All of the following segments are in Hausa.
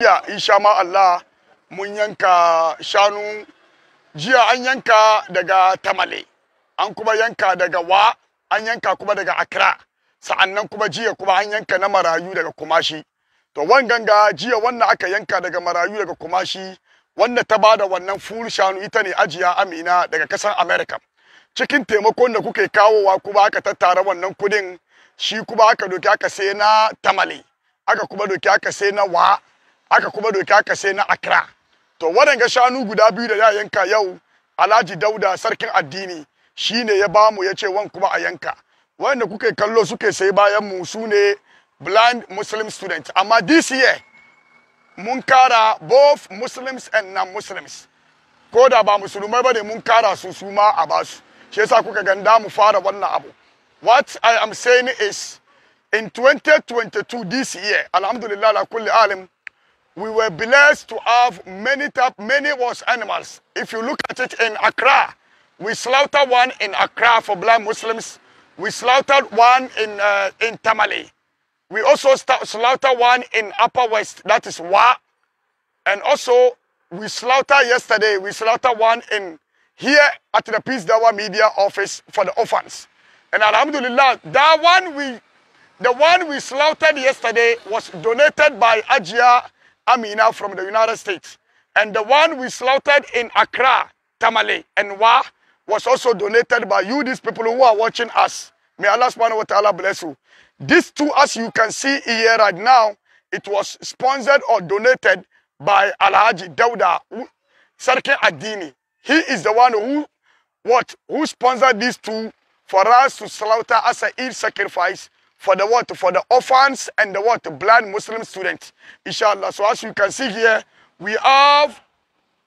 jiya insha ma Allah mun yanka shanu jiya an yanka daga tamale an kuma yanka daga wa an yanka kuma daga akra sa'annan kuma jiya kuma an yanka na marayu daga kumashi to wanganga jiya wannan aka yanka daga marayu daga kumashi wanda ta bada wannan full shanu ita ne ajiya amina daga kasar america cikin taimakon da kuke kawowa kuma aka tattara wannan kudin shi kuma aka doki aka sai na tamale aka kuma doki aka sai na wa aka kuma doki aka sai na akra to waɗanga shanu guda biyu da ya yanka yau Alhaji Dauda sarkin addini shine ya bamu ya ce wan kuma a yanka wanda kuke kallo suke sai bayan mu su ne blind muslim students amma this year mun kara both muslims and non-muslims ko da ba musulmai ba ne mun kara su su ma a su shi yasa kuka ganda mu fara wannan abu what i am saying is in 2022 this year alhamdulillah la kulli alim we were blessed to have many type, many was animals. If you look at it in Accra, we slaughtered one in Accra for black Muslims. We slaughtered one in uh, in Tamale. We also slaughtered one in Upper West, that is Wa. And also, we slaughtered yesterday, we slaughtered one in here at the Peace Dawa Media office for the orphans. And Alhamdulillah, that one we, the one we slaughtered yesterday was donated by Ajia now from the United States. And the one we slaughtered in Accra, Tamale, and Wa was also donated by you, these people who are watching us. May Allah subhanahu wa ta'ala bless you. These two, as you can see here right now, it was sponsored or donated by Alhaji Dauda Sarke Adini. He is the one who what who sponsored these two for us to slaughter as a Eid sacrifice for the what for the orphans and the what blind Muslim students. Inshallah. So as you can see here, we have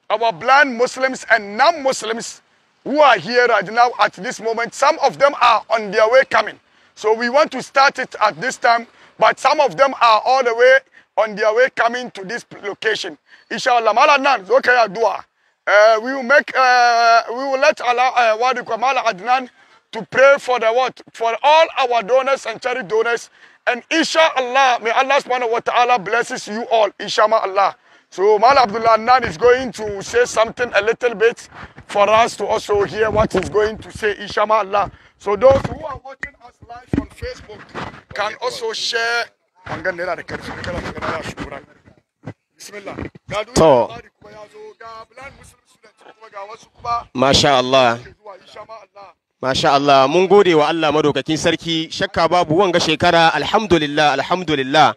our blind Muslims and non-Muslims who are here right now at this moment. Some of them are on their way coming. So we want to start it at this time, but some of them are all the way on their way coming to this location. Inshallah. Maladnan, okay, dua. Uh, we will make, uh, we will let Allah, uh, what do you call Adnan, to pray for the what? For all our donors and charity donors. And Isha Allah may Allah subhanahu wa ta'ala blesses you all. Inshallah. So Mal Abdullah Nan is going to say something a little bit for us to also hear what he's going to say, inshallah. So those who are watching us live on Facebook can also share. So, oh, oh, Masha Allah. Masha Allah mun gode wa Allah madaukakin sarki shakka babu wanga shekara alhamdulillah alhamdulillah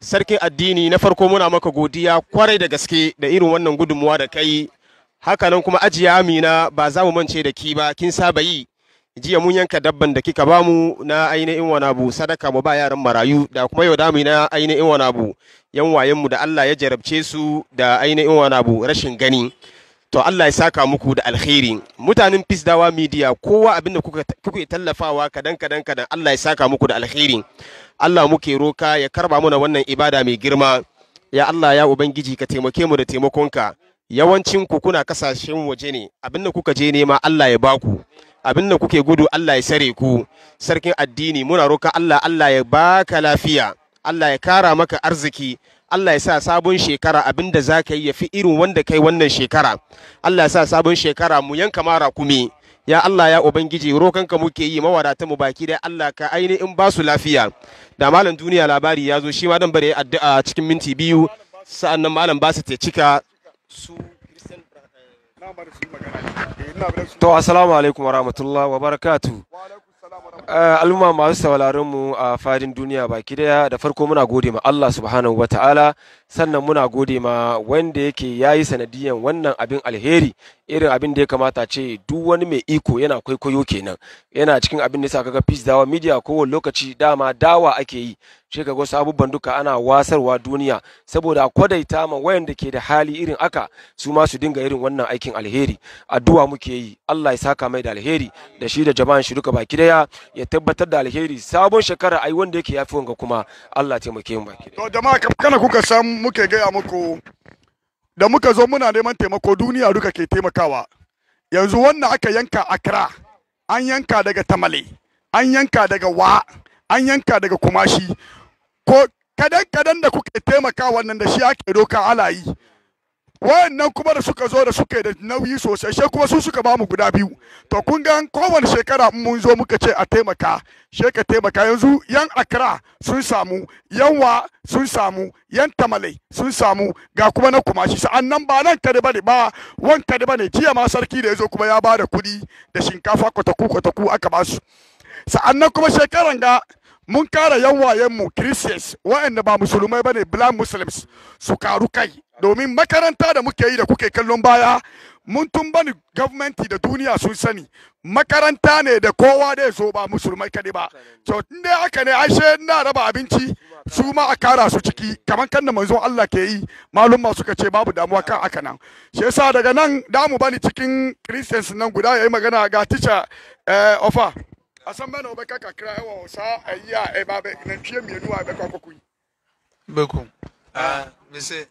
sarkin addini na farko muna maka godiya kwarai da gaske da irin wannan gudunmuwa da kai haka nan kuma ajiya amina ba za mu mance da ki ba kin saba yi jiya mun yanka dabban da kika bamu na ainihin wani abu sadaka mu ba yaran marayu da kuma yau damu na ainihin wani abu yan wayenmu da Allah ya jarabce su da ainihin wani abu rashin gani to Allah ya saka muku da alkhairi mutanen Fisdawa Media kowa abin da kuka kuke tallafawa kadan kadan kadan Allah ya saka muku da alkhairi Allah muke roka ya karba muna wannan ibada mai girma ya Allah ya ubangiji ka taimake mu da taimakonka yawancin ku kuna kasashen waje ne abin da kuka je nema Allah ya baku abin da kuke gudu Allah ya sare ku sarkin addini muna roka Allah Allah ya baka lafiya Allah ya kara maka arziki Allah ya sa sabon shekara abinda za ka yi ya fi irin wanda kai wannan shekara Allah ya sa sabon shekara mu yanka mara kumi ya Allah ya ubangiji rokanka muke yi mawadata mu baki dai Allah ka ainihin ba su lafiya da malam duniya labari ya zo shi ma dan bare addu'a cikin minti biyu sa'an nan malam ba su ta cika su eh, to assalamu alaikum wa rahmatullah wa barakatuh Eh, al'umma masu sauraron mu a fadin duniya baki daya da farko muna gode ma Allah subhanahu wataala sannan muna gode ma wanda yake ya yi sanadiyan wannan abin alheri irin abin da ya kamata ce duk wani mai iko yana kwaikwayo kenan yana cikin abin da kaga peace dawa media kowane lokaci dama dawa ake yi shi ga wasu abubuwan duka ana wasarwa duniya saboda kwadaita ma wayanda ke da hali irin aka su ma su dinga irin wannan aikin alheri addu'a muke yi Allah ya saka mai da alheri da shi da jama'an shi duka baki daya ya tabbatar da alheri sabon shekara ai wanda yake yafi wanga kuma Allah ya taimake mu baki daya to jama'a kana kuka samu kullum muke gaya muku da muka zo muna neman taimako duniya duka ke taimakawa yanzu wannan aka yanka akra an yanka daga tamale an yanka daga wa an yanka daga kumashi ko kadan kadan da kuke taimaka wannan da shi ake doka alayi wayannan kuma da suka zo da suke da nauyi sosai sai kuma su suka bamu guda biyu to kun ga kowane shekara in mun zo muka ce a taimaka she taimaka yanzu yan akra sun samu yanwa sun samu yan tamale sun samu ga kuma na kumashi sa'an nan ba nan kada ba wan kada bane jiya ma sarki da yazo kuma ya bada kuɗi da shinkafa kwata ku aka basu sa'an nan kuma shekaran ga mun kara yan wayenmu christians waɗanda ba musulmai bane black muslims su karu kai domin makaranta da muke yi da kuke kallon baya mun tun bani gwamnati da duniya sun sani makaranta ne da kowa da zo ba musulmai kadai ba to inda haka ne ashe na raba abinci su ma a kara su ciki kamar kan da manzo Allah ke yi malum ma suka ce babu damuwa kan haka nan shi yasa daga nan damu bani cikin christians nan guda yayi magana ga teacher eh, offer asɛm bɛ na wobɛka kakra wɔ saa ayi a ɛba bɛ nantwie mmienu a ɛbɛkɔ akɔkɔ yi bɛkum ah, me sɛ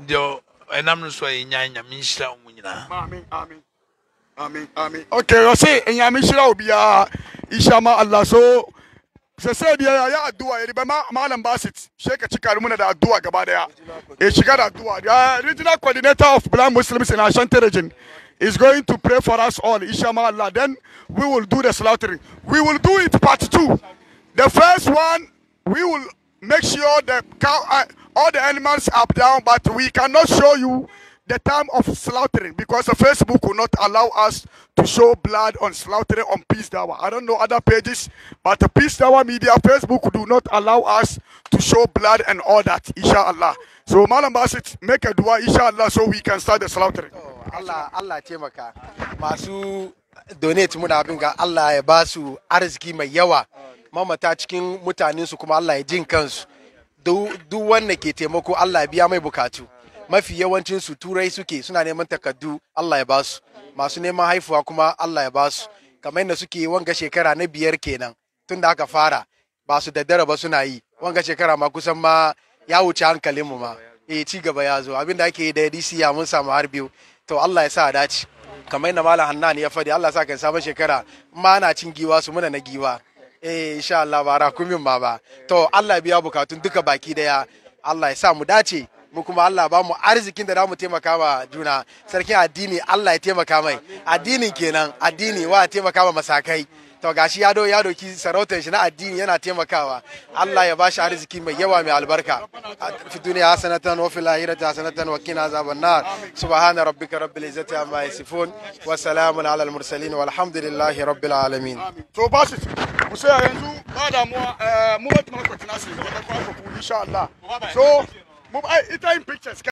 deɛ ɛnam no so a ɛnya nyame nhyira wo nyinaa Amen, amen. Okay, I say, and I'm sure I'll Ishama Allah. So, sɛ sɛ deɛ yɛyɛ adoa yɛde bɛma malam basit hyɛ kakyika no mu na de adoa gaba dea ɛkyika de adoa regional coordinator of black muslims in ashante region is going to pray for us all, inshallah. Then we will do the slaughtering. We will do it part two. The first one, we will make sure the cow, uh, all the animals are down, but we cannot show you the time of slaughtering because the Facebook will not allow us to show blood on slaughtering on Peace Tower. I don't know other pages, but the Peace Tower Media Facebook do not allow us to show blood and all that, inshallah. So Malam Basit, make a dua, inshallah, so we can start the slaughtering. Allah Allah taimaka masu donate muna abin ga Allah ya ba su arziki mai yawa mamata cikin mutanen su kuma Allah ya jin kansu duk wanda ke taimako Allah ya biya mai bukatu mafi yawancin su turai suke suna neman takaddu Allah ya ba su masu neman haifuwa kuma Allah ya ba su kamar yadda suke wanga shekara na biyar kenan tun da aka fara ba su daddara ba suna yi wanga shekara ma kusan ma ya wuce hankalinmu ma eh ci gaba ya zo abin da ake yi da DC ya mun samu har biyu to Allah ya sa a dace kamar yadda malam hannani ya faɗi Allah ya sa kan sabon shekara ma ana cin giwa su muna na giwa eh insha Allah ba rakumin ma ba to Allah biya bukatun duka baki daya Allah ya sa mu dace mu kuma Allah ba mu arzikin da za mu taimaka ma juna sarkin addini Allah ya taimaka mai addinin kenan addini wa taimaka ma masakai to gashi ya ya doki sarautar shi na addini yana taimakawa Allah ya bashi arziki mai yawa mai albarka fi duniya hasanatan wa fil akhirati hasanatan wa qina azaban nar subhana rabbika rabbil izzati amma yasifun wa salamun alal mursalin walhamdulillahi rabbil alamin to bashi shi sai yanzu ba da mu eh, mu ba ta mana kwatina su da kwafa ku insha Allah so mu ai ita in pictures